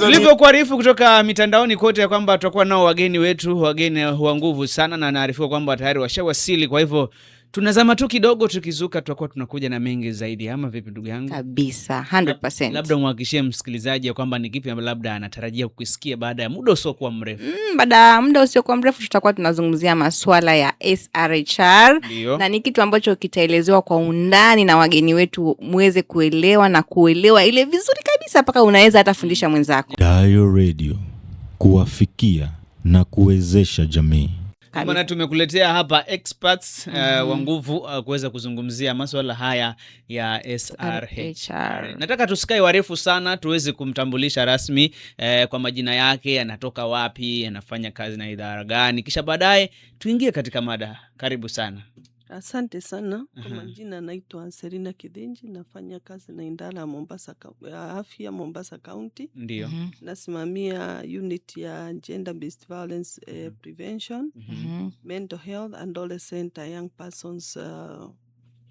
Tulivyokuarifu kutoka mitandaoni kote ya kwamba tutakuwa nao wageni wetu, wageni wa nguvu sana, na naarifiwa kwamba tayari washawasili, kwa hivyo tunazama tu kidogo, tukizuka tutakuwa tunakuja na mengi zaidi, ama vipi ndugu yangu? Kabisa, 100%. Labda mwahakikishie msikilizaji ya kwamba ni kipi labda anatarajia kukisikia baada ya muda usiokuwa mrefu. Mm, baada ya muda usiokuwa mrefu tutakuwa tunazungumzia maswala ya SRHR Dio. na ni kitu ambacho kitaelezewa kwa undani na wageni wetu, mweze kuelewa na kuelewa ile vizuri kabisa, mpaka unaweza hata fundisha mwenzako. Radio kuwafikia na kuwezesha jamii maana tumekuletea hapa experts mm -hmm. uh, wa mm-hmm. nguvu uh, kuweza kuzungumzia maswala haya ya SRHR. Nataka tusikae warefu sana, tuweze kumtambulisha rasmi uh, kwa majina yake, anatoka wapi, anafanya kazi na idara gani, kisha baadaye tuingie katika mada. Karibu sana. Asante sana. Kwa majina naitwa Serina Kidinji, nafanya kazi na idara ya Mombasa afya Mombasa County. Ndio. Nasimamia unit ya gender based violence eh, prevention, mental health and adolescent young persons uh,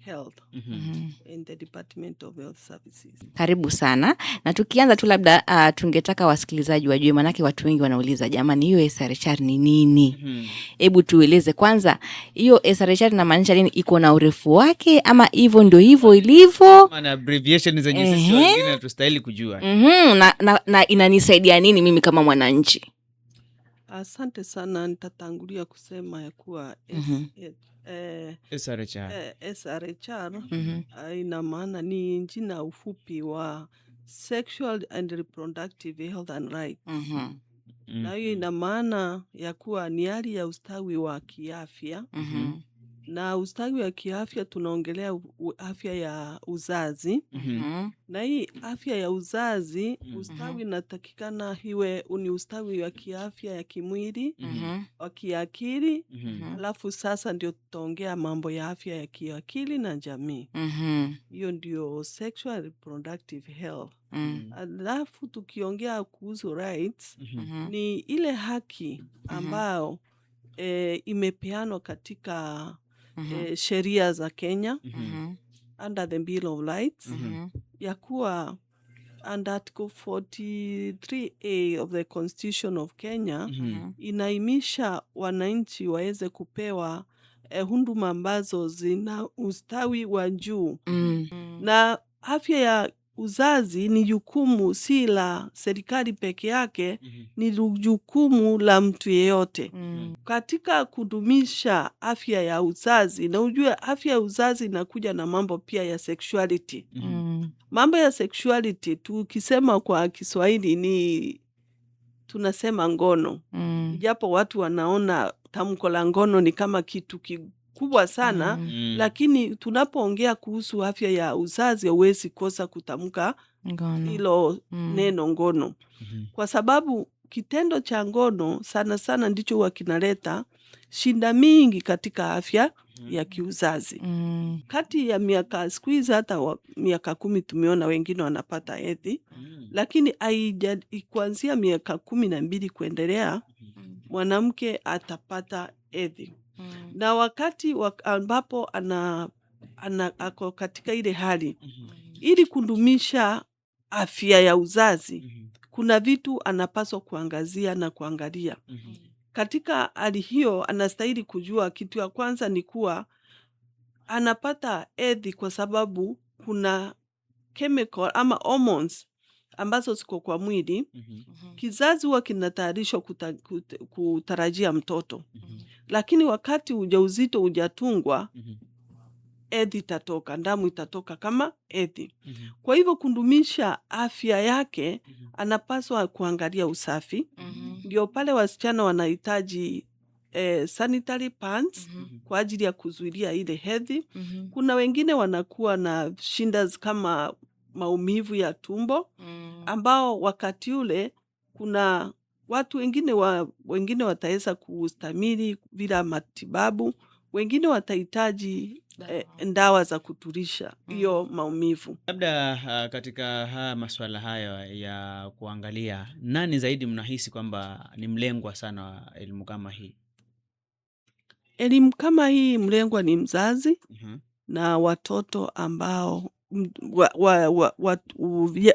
Health mm -hmm. in the Department of Health Services. Karibu sana na tukianza tu labda, uh, tungetaka wasikilizaji wajue, maanake watu wengi wanauliza jamani, hiyo SRHR ni nini? Mm-hmm. Hebu mm -hmm. tueleze kwanza, hiyo SRHR inamaanisha nini? Iko na urefu wake ama hivyo ndio hivyo ilivyo, maana abbreviation zenye sisi wengine tustahili kujua mm -hmm. na, na, na inanisaidia nini mimi kama mwananchi? Asante sana, nitatangulia kusema ya kuwa mm -hmm eh, SRHR. Eh, SRHR mm -hmm. Ah, ina maana ni jina ufupi wa Sexual and Reproductive Health and Rights mm -hmm. Na hiyo mm-hmm. ina maana ya kuwa ni hali ya ustawi wa kiafya mm -hmm na ustawi wa kiafya tunaongelea afya ya uzazi mm -hmm. na hii afya ya uzazi mm -hmm. ustawi unatakikana iwe ni ustawi wa kiafya ya kimwili mm -hmm. wa kiakili mm-hmm. Mm-hmm. alafu mm -hmm. sasa ndio tutaongea mambo ya afya ya kiakili na jamii hiyo mm -hmm. ndio sexual reproductive health Mm. Alafu tukiongea kuhusu rights mm -hmm. ni ile haki ambayo mm -hmm. e, imepeanwa katika mm -hmm. eh, sheria za Kenya mm -hmm. under the Bill of Rights mm -hmm. ya kuwa under Article 43A of the Constitution of Kenya mm mm-hmm. -hmm. inaimisha wananchi waweze kupewa eh, huduma ambazo zina ustawi wa juu mm -hmm. na afya ya uzazi ni jukumu si la serikali peke yake, mm -hmm. Ni jukumu la mtu yeyote mm Katika kudumisha afya ya uzazi, na ujue afya ya uzazi inakuja na mambo pia ya sexuality mhm. mm -hmm. Mambo ya sexuality tukisema kwa Kiswahili ni tunasema ngono mm Japo watu wanaona tamko la ngono ni kama kitu kubwa sana mm. mm. Lakini tunapoongea kuhusu afya ya uzazi hauwezi kosa kutamka hilo mm. neno ngono mm -hmm. Kwa sababu kitendo cha ngono sana sana ndicho huwa kinaleta shinda mingi katika afya mm. ya kiuzazi mm. Kati ya miaka siku hizi hata wa, miaka kumi tumeona wengine wanapata hedhi mm. Lakini kuanzia miaka kumi na mbili kuendelea mm. mwanamke atapata hedhi Mm. na wakati wak ambapo ana, ana ako katika ile hali mm -hmm. ili kudumisha afya ya uzazi mm -hmm. kuna vitu anapaswa kuangazia na kuangalia mm -hmm. katika hali hiyo anastahili kujua, kitu ya kwanza ni kuwa anapata edhi kwa sababu kuna chemical ama hormones ambazo ziko kwa mwili mm -hmm. Kizazi huwa kinatayarishwa kuta, kut, kutarajia mtoto mm -hmm. Lakini wakati ujauzito hujatungwa mm -hmm. Edhi itatoka, ndamu itatoka kama edhi mm -hmm. Kwa hivyo kundumisha afya yake mm -hmm. Anapaswa kuangalia usafi mm-hmm. ndio mm -hmm. Pale wasichana wanahitaji Eh, sanitary pads mm -hmm. Mm-hmm. kwa ajili ya kuzuilia ile hedhi mm -hmm. Kuna wengine wanakuwa na shindas kama maumivu ya tumbo mm. ambao wakati ule kuna watu wengine wa, wengine wataweza kustamili bila matibabu, wengine watahitaji eh, ndawa za kuturisha hiyo mm. maumivu. Labda uh, katika haya masuala hayo ya kuangalia, nani zaidi mnahisi kwamba ni mlengwa sana wa elimu kama hii? Elimu kama hii mlengwa ni mzazi mm -hmm. na watoto ambao m- wa, wa, wa, wa,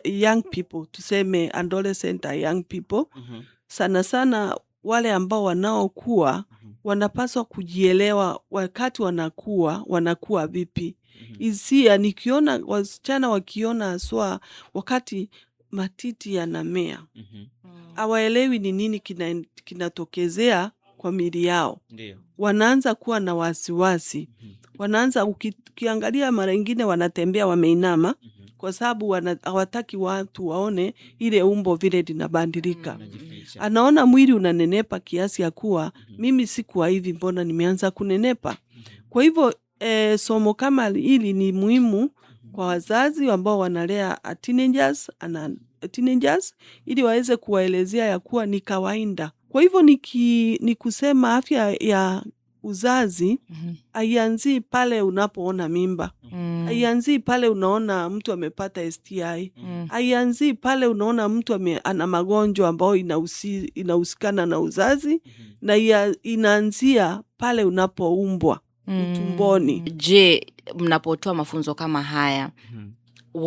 young people tuseme adolescent na young people -hmm. sana sana wale ambao wanaokuwa -hmm. wanapaswa kujielewa wakati wanakuwa wanakuwa vipi. -hmm. isia nikiona wasichana wakiona haswa wakati matiti yanamea, mm-hmm. mm -hmm. awaelewi ni nini kina, kinatokezea kwa miili yao. Ndiyo. Wanaanza kuwa na wasiwasi. Mm -hmm. Wanaanza uki, ukiangalia mara ingine wanatembea wameinama mm -hmm. kwa sababu hawataki watu waone ile umbo vile linabadilika. Mm -hmm. Anaona mwili unanenepa kiasi ya kuwa mm -hmm. mimi sikuwa hivi, mbona nimeanza kunenepa? Mm -hmm. Kwa hivyo e, somo kama hili ni muhimu mhm. kwa wazazi ambao wanalea teenagers, ana, teenagers ili waweze kuwaelezea ya kuwa ni kawaida mm kwa hivyo niki, ni kusema afya ya uzazi mm -hmm. pale unapoona mimba mm -hmm. pale unaona mtu amepata STI mm -hmm. pale unaona mtu ame, ana magonjwa ambayo inahusikana na uzazi mm -hmm. na ya, inaanzia pale unapoumbwa mm -hmm. tumboni. Je, mnapotoa mafunzo kama haya mm -hmm.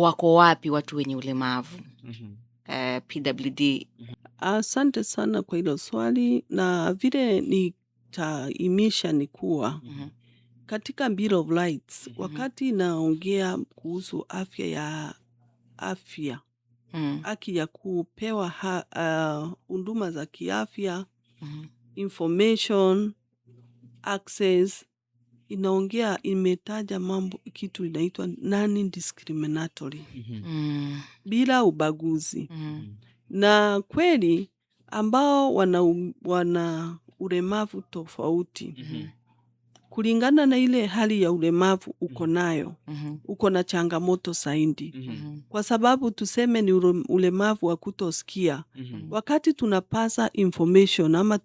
wako wapi watu wenye ulemavu? mm -hmm. Uh, eh, PWD mhm. Asante sana kwa hilo swali na vile nitaimisha ni kuwa mm-hmm. katika Bill of Rights mm-hmm. wakati naongea kuhusu afya ya afya, Mm. haki ya kupewa uh, huduma uh, za kiafya, Mhm. information, access, inaongea imetaja mambo kitu inaitwa non discriminatory, mm -hmm. bila ubaguzi. -hmm na kweli ambao wana, wana ulemavu tofauti mm -hmm kulingana na ile hali ya ulemavu uko mhm. nayo, mm -hmm. uko na changamoto zaidi, mm -hmm. kwa sababu tuseme ni ulemavu wa kutosikia, mm -hmm. wakati tunapasa information ama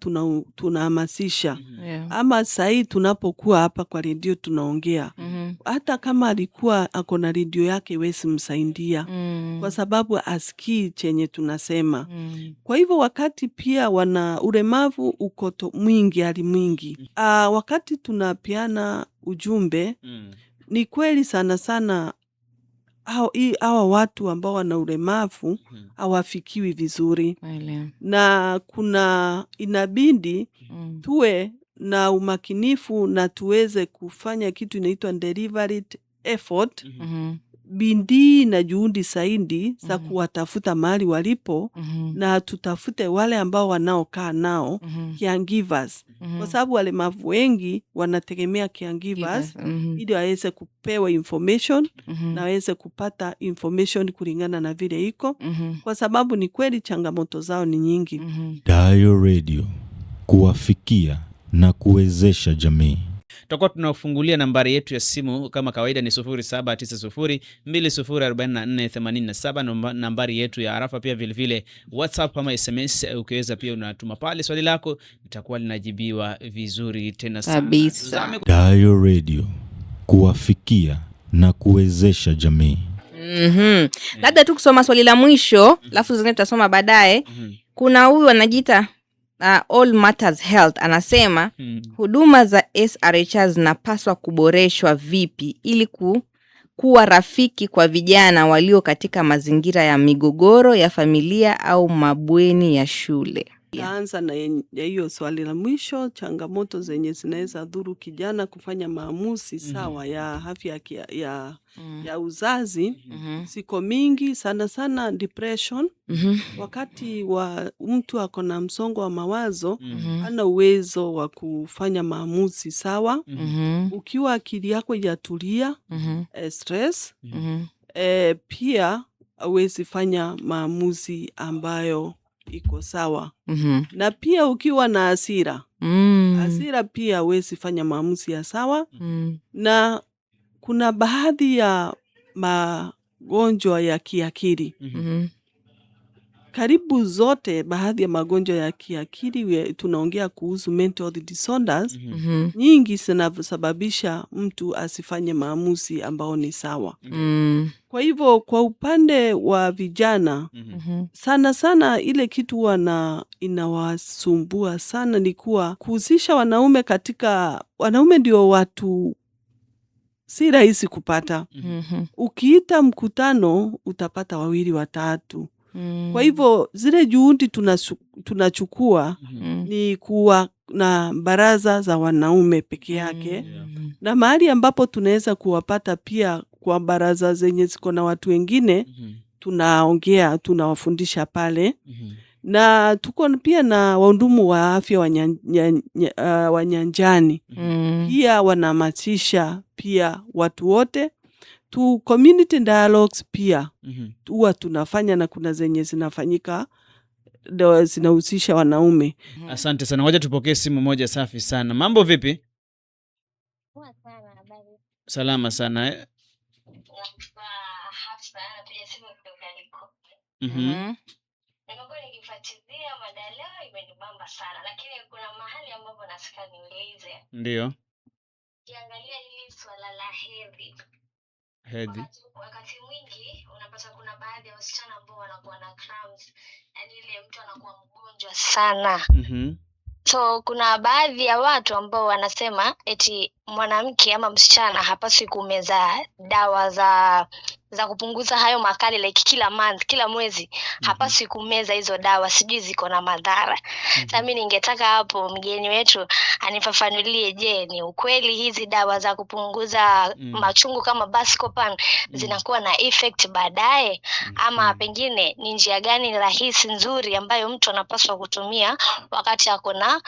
tunahamasisha, tuna mm -hmm. ama sahii tunapokuwa hapa kwa redio tunaongea, mm -hmm. hata kama alikuwa ako na redio yake wesi mm -hmm. kwa sababu asikii chenye tunasema, mm -hmm. kwa hivyo wakati pia wana ulemavu uko mwingi hali mwingi, mm -hmm. wakati tuna wanapeana ujumbe mm. Ni kweli sana sana hawa watu ambao wana ulemavu mm. hawafikiwi mm. vizuri Maelea. Na kuna inabidi mm. tuwe na umakinifu na tuweze kufanya kitu inaitwa effort mm -hmm bindii na juhudi saindi za mm -hmm. kuwatafuta mahali walipo mm -hmm. na tutafute wale ambao wanaokaa nao mm -hmm. caregivers mm -hmm. kwa sababu walemavu wengi wanategemea caregivers mm -hmm. ili waweze kupewa information mm -hmm. na waweze kupata information kulingana na vile iko mm -hmm. kwa sababu ni kweli changamoto zao ni nyingi. mm -hmm. Dayo Radio kuwafikia na kuwezesha jamii tutakuwa tunafungulia nambari yetu ya simu kama kawaida ni 0790204487 nambari yetu ya arafa, pia vilevile WhatsApp ama SMS. Ukiweza pia unatuma pale swali lako, litakuwa linajibiwa vizuri tena kabisa. Radio kuwafikia na kuwezesha jamii. Mhm. Mm -hmm. Labda tu kusoma swali la mwisho, mm. alafu zingine tutasoma baadaye. Mm -hmm. Kuna huyu anajiita uh, All Matters Health anasema hmm, huduma za SRHR zinapaswa kuboreshwa vipi ili ku, kuwa rafiki kwa vijana walio katika mazingira ya migogoro ya familia au mabweni ya shule. Naanza na hiyo swali la mwisho, changamoto zenye zinaweza dhuru kijana kufanya maamuzi mm -hmm. sawa ya afya ya, ya, mm. ya uzazi mm -hmm. siko mingi sana sana depression mm -hmm. wakati wa mtu ako na msongo wa mawazo mm mm-hmm. -hmm. ana uwezo wa kufanya maamuzi sawa mm -hmm. ukiwa akili yako yatulia mm -hmm. Eh, stress mm -hmm. e, pia awezi fanya maamuzi ambayo iko sawa mm -hmm. na pia ukiwa na asira mm. asira pia wezi fanya maamuzi ya sawa mm. na kuna baadhi ya magonjwa ya kiakili mm -hmm karibu zote baadhi ya magonjwa ya kiakili tunaongea kuhusu mental health disorders mm -hmm. nyingi zinasababisha mtu asifanye maamuzi ambao ni sawa mhm. mm -hmm. Kwa hivyo kwa upande wa vijana mm -hmm. sana sana ile kitu wana inawasumbua sana ni kuwa kuhusisha wanaume katika, wanaume ndio watu si rahisi kupata mm -hmm. Ukiita mkutano utapata wawili watatu Mm. Kwa hivyo zile juhudi tunachukua tunachukua mm. ni kuwa na baraza za wanaume peke yake mm. yeah. na mahali ambapo tunaweza kuwapata pia kwa baraza zenye ziko na watu wengine mm. tunaongea, tunawafundisha pale mm. na tuko pia na wahudumu wa afya wa uh, nyanjani mm. pia wanahamasisha pia watu wote tu community dialogues pia mhm. huwa mm -hmm. tunafanya na kuna zenye zinafanyika zinahusisha wanaume. Mhm. Asante sana, ngoja tupokee simu moja. Safi sana, mambo vipi? Salama sana eh? Mhm. Mm-hmm. Ndio. hili swala la hedhi hedhi. Wakati, mwingi unapata kuna baadhi ya wasichana ambao wanakuwa na cramps, yani ile mtu anakuwa mgonjwa sana. Mhm. So kuna baadhi ya watu ambao wanasema eti mwanamke ama msichana hapaswi kumeza dawa za za kupunguza hayo makali like kila month kila mwezi mm-hmm. hapaswi kumeza hizo dawa sijui ziko na madhara mm-hmm. sa mi ningetaka hapo mgeni wetu anifafanulie je ni ukweli hizi dawa za kupunguza mm-hmm. machungu kama bascopan mm-hmm. zinakuwa na effect baadaye mm-hmm. ama pengine ni njia gani rahisi nzuri ambayo mtu anapaswa kutumia wakati ako na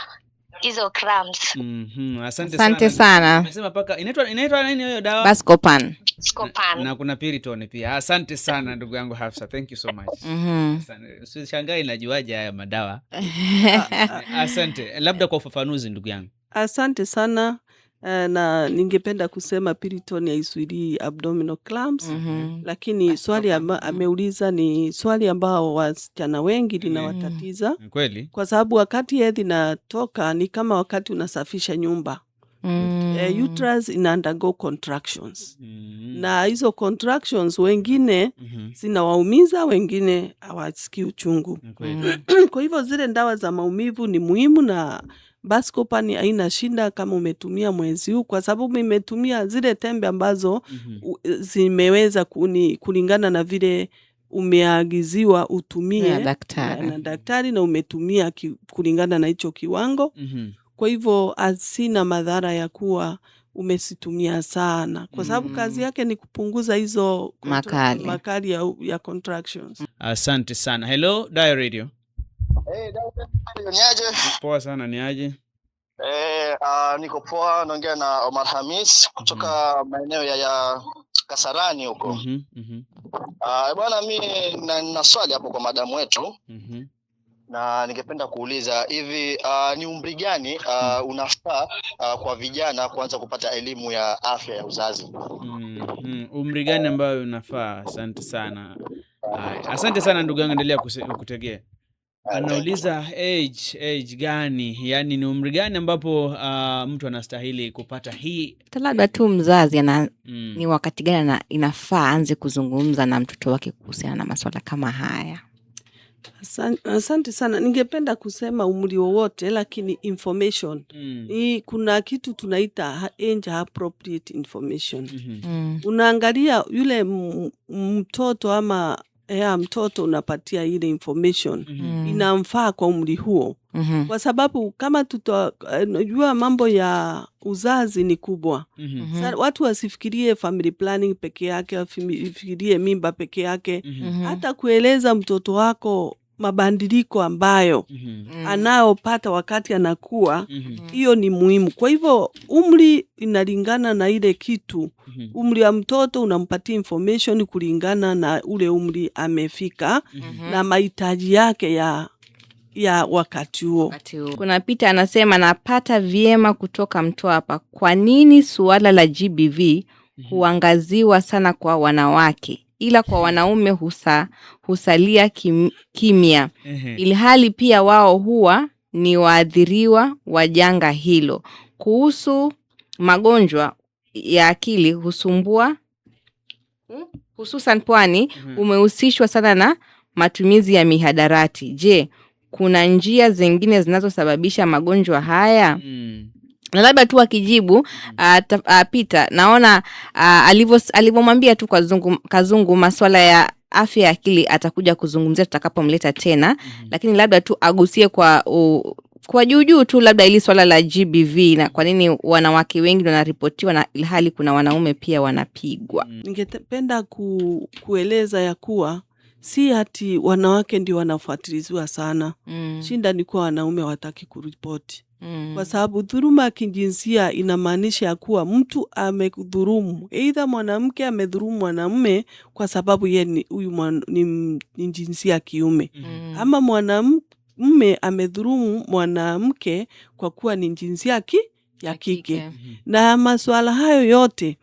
hizo crumbs. Mm-hmm. Asante, asante sana. Amesema paka inaitwa inaitwa nini hiyo dawa? Bascopan. Bascopan. Na kuna Piriton pia. Asante sana ndugu yangu Hafsa. Thank you so much. Mhm. Usishangae najuaje haya madawa. Asante. Labda kwa ufafanuzi ndugu yangu. Asante sana. Eh, na ningependa kusema Piriton haisuilii abdominal cramps mm -hmm. Lakini swali amba, mm-hmm. ameuliza ni swali ambao wasichana wengi linawatatiza mm. Kwa sababu wakati hedhi natoka ni kama wakati unasafisha nyumba mm. E, uterus ina undergo contractions mm. Na hizo contractions wengine mm -hmm. zinawaumiza, wengine hawasikii uchungu mm. Kwa hivyo zile ndawa za maumivu ni muhimu na Baskopa ni haina shinda kama umetumia mwezi huu, kwa sababu nimetumia zile tembe ambazo mm -hmm. zimeweza kuni, kulingana na vile umeagiziwa utumie na daktari, na daktari na umetumia ki, kulingana na hicho kiwango mm -hmm. Kwa hivyo asina madhara ya kuwa umesitumia sana kwa sababu mm. kazi yake ni kupunguza hizo makali, makali ya, ya contractions. Asante sana. Hello Dio Radio niaje? Poa sana, niaje? Eh, uh, niko poa, naongea na Omar Hamis kutoka mm -hmm. maeneo ya, ya Kasarani huko mm -hmm. uh, bwana mi na, na swali hapo kwa madamu wetu mm -hmm. na ningependa kuuliza hivi uh, ni umri gani uh, unafaa uh, kwa vijana kuanza kupata elimu ya afya ya uzazi? mm -hmm. umri gani ambayo unafaa? Asante sana. Asante sana ndugu yangu, endelea kutegea. Ah, anauliza age age gani, yani ni umri gani ambapo uh, mtu anastahili kupata hii labda tu mzazi ana mm. ni wakati gani inafaa aanze kuzungumza na mtoto wake kuhusiana na masuala kama haya. Asante sana. Ningependa kusema umri wowote, lakini information mm. hii, kuna kitu tunaita age appropriate information mm -hmm. mm. unaangalia yule mtoto ama ya mtoto unapatia ile information mm -hmm. inamfaa kwa umri huo mm -hmm. kwa sababu kama tutajua eh, uh, mambo ya uzazi ni kubwa mm -hmm. Sa, watu wasifikirie family planning peke yake, wafikirie mimba peke yake mm -hmm. hata kueleza mtoto wako mabadiliko ambayo mm -hmm. anayopata wakati anakuwa mm-hmm. hiyo mm -hmm. ni muhimu. Kwa hivyo umri inalingana na ile kitu mm -hmm. umri wa mtoto unampatia information kulingana na ule umri amefika mm -hmm. na mahitaji yake ya ya wakati huo. Kuna Pita anasema napata vyema kutoka hapa, kwa nini suala la GBV mm-hmm. huangaziwa sana kwa wanawake? ila kwa wanaume husa, husalia kim, kimya ilhali pia wao huwa ni waathiriwa wa janga hilo. Kuhusu magonjwa ya akili husumbua hmm, hususan pwani umehusishwa sana na matumizi ya mihadarati. Je, kuna njia zingine zinazosababisha magonjwa haya? hmm na labda tu akijibu Pita, mm. ah, ah, naona ah, alivyomwambia tu Kazungu, Kazungu maswala ya afya ya akili atakuja kuzungumzia tutakapomleta tena mm-hmm. Lakini labda tu agusie kwa u, kwa juujuu tu labda ili swala la GBV na kwa nini wanawake wengi wanaripotiwa na ilhali kuna wanaume pia wanapigwa. Mm. Ningependa ku, kueleza ya kuwa si hati wanawake ndio wanafuatiliziwa sana mm. Shinda ni kuwa wanaume wataki kuripoti mm. Kwa sababu dhuluma ya kijinsia inamaanisha ya kuwa mtu amedhulumu, aidha mwanamke amedhulumu mwanamume kwa sababu ye huyu ni, ni jinsia ya kiume mm. Ama mwanamume amedhulumu mwanamke kwa kuwa ni jinsia ki, ya kike mm Na masuala hayo yote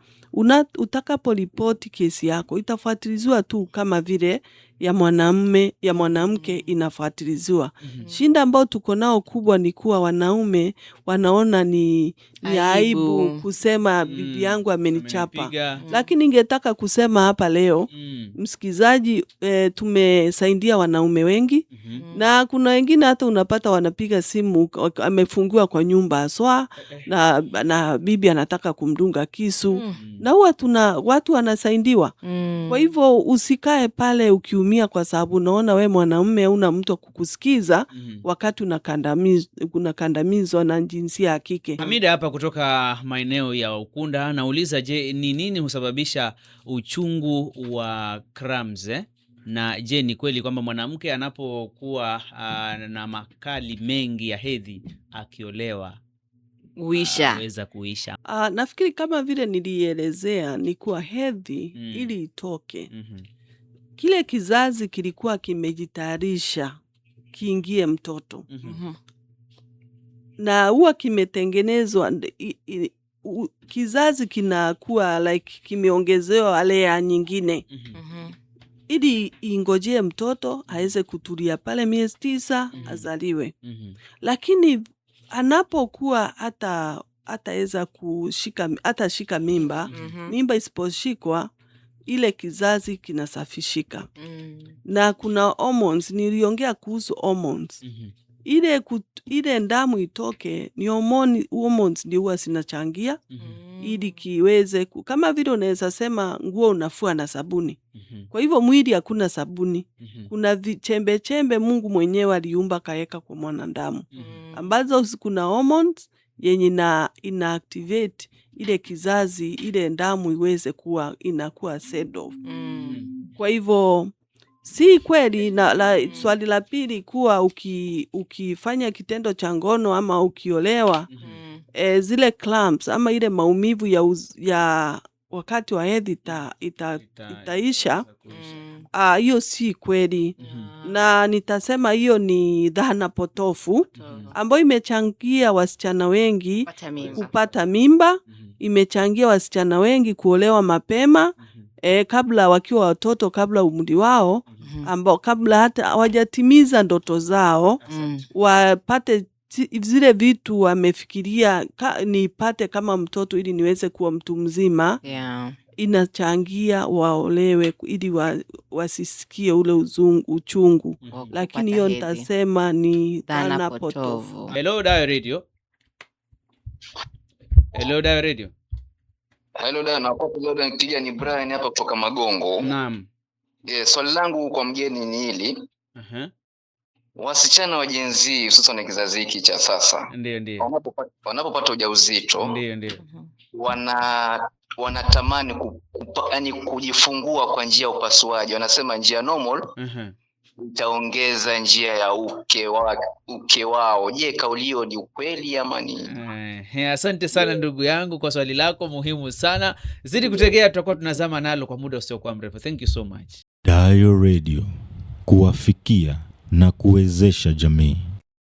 utakaporipoti kesi yako itafuatiliziwa tu kama vile ya mwanamme ya mwanamke mm-hmm. inafuatiliziwa. mm -hmm. Shinda ambao tuko nao kubwa ni kuwa wanaume wanaona ni, ni aibu kusema mm. bibi yangu amenichapa mm. Lakini ningetaka kusema hapa leo mm. msikizaji, e, tumesaidia wanaume wengi mm-hmm. mm -hmm. na kuna wengine hata unapata wanapiga simu, amefungiwa kwa nyumba aswa na, na bibi anataka kumdunga kisu mm. na huwa tuna watu wanasaidiwa mm. Kwa hivyo usikae pale ukiumia unaumia kwa sababu unaona we mwanaume una mtu kukusikiza mm. wakati unakandamizwa na jinsia ya kike. Hamida hapa kutoka maeneo ya Ukunda anauliza, je, ni nini husababisha uchungu wa cramps eh? na je, ni kweli kwamba mwanamke anapokuwa uh, na makali mengi ya hedhi akiolewa uisha aweza kuisha? Uh, nafikiri kama vile nilielezea ni kuwa hedhi mm. ili itoke mm -hmm kile kizazi kilikuwa kimejitayarisha kiingie mtoto mm -hmm. na huwa kimetengenezwa kizazi kinakuwa like kimeongezewa alea nyingine mm -hmm. ili ingojee mtoto aweze kutulia pale miezi tisa mm -hmm. azaliwe mm -hmm. lakini anapokuwa hata ataweza kushika atashika mimba mm -hmm. mimba isiposhikwa ile kizazi kinasafishika mm. na kuna hormones, niliongea kuhusu hormones mm -hmm. ile, kut, ile ndamu itoke ni hormone, hormones ndio huwa zinachangia mm -hmm. ili kiweze ku, kama vile unaweza sema nguo unafua na sabuni mm -hmm. kwa hivyo mwili hakuna sabuni mm -hmm. kuna vichembe chembe Mungu mwenyewe aliumba kaeka kwa mwanadamu mm -hmm. ambazo kuna hormones yenye na, ina activate ile kizazi ile damu iweze kuwa inakuwa set off. Mm. Kwa hivyo si kweli na, la, swali la pili kuwa uki, ukifanya kitendo cha ngono ama ukiolewa mm -hmm. e, zile cramps ama ile maumivu ya, uz, ya wakati wa hedhi ita, ita, itaisha ita Ah, hiyo si kweli. mm -hmm. Na nitasema hiyo ni dhana potofu mm -hmm. ambayo imechangia wasichana wengi kupata mimba, kupata mimba. Mm -hmm. Imechangia wasichana wengi kuolewa mapema mm -hmm. E, kabla wakiwa watoto, kabla umri wao mm -hmm. ambao kabla hata hawajatimiza ndoto zao mm -hmm. wapate zile vitu wamefikiria ka, nipate kama mtoto ili niweze kuwa mtu mzima yeah inachangia waolewe ili wa, wasisikie ule uzungu, uchungu mm -hmm. Lakini hiyo nitasema ni dhana potovu. Hello Dayo Radio. Hello Dayo Radio. Hello Dayo, nakuwa kija ni Brian hapa kutoka Magongo. Naam. Yeah, swali langu kwa mgeni ni hili. Uh -huh wasichana wa Gen Z hususan kizazi hiki cha sasa ndio ndio wanapopata ujauzito ndio ndio mhm. wana wanatamani ku, yani kujifungua kwa njia ya upasuaji, wanasema njia normal mhm. itaongeza njia ya uke, wa, uke wao. Je, kauli hiyo ni ukweli ama ni? Eh, asante sana ndugu yangu kwa swali lako muhimu sana. Zidi kutegea, tutakuwa tunazama nalo kwa muda usiokuwa mrefu. Thank you so much. Dayo Radio kuwafikia na kuwezesha jamii.